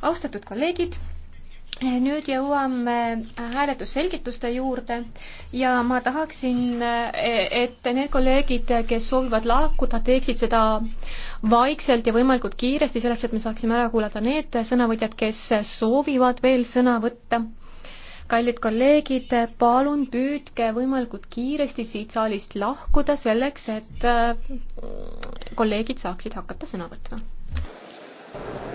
austatud kolleegid, nüüd jõuame äh, hääletusselgituste juurde ja ma tahaksin, äh, et need kolleegid, kes soovivad lahkuda, teeksid seda vaikselt ja võimalikult kiiresti, selleks et me saaksime ära kuulata need sõnavõtjad, kes soovivad veel sõna võtta. kallid kolleegid, palun püüdke võimalikult kiiresti siit saalist lahkuda, selleks et äh, kolleegid saaksid hakata sõna võtma.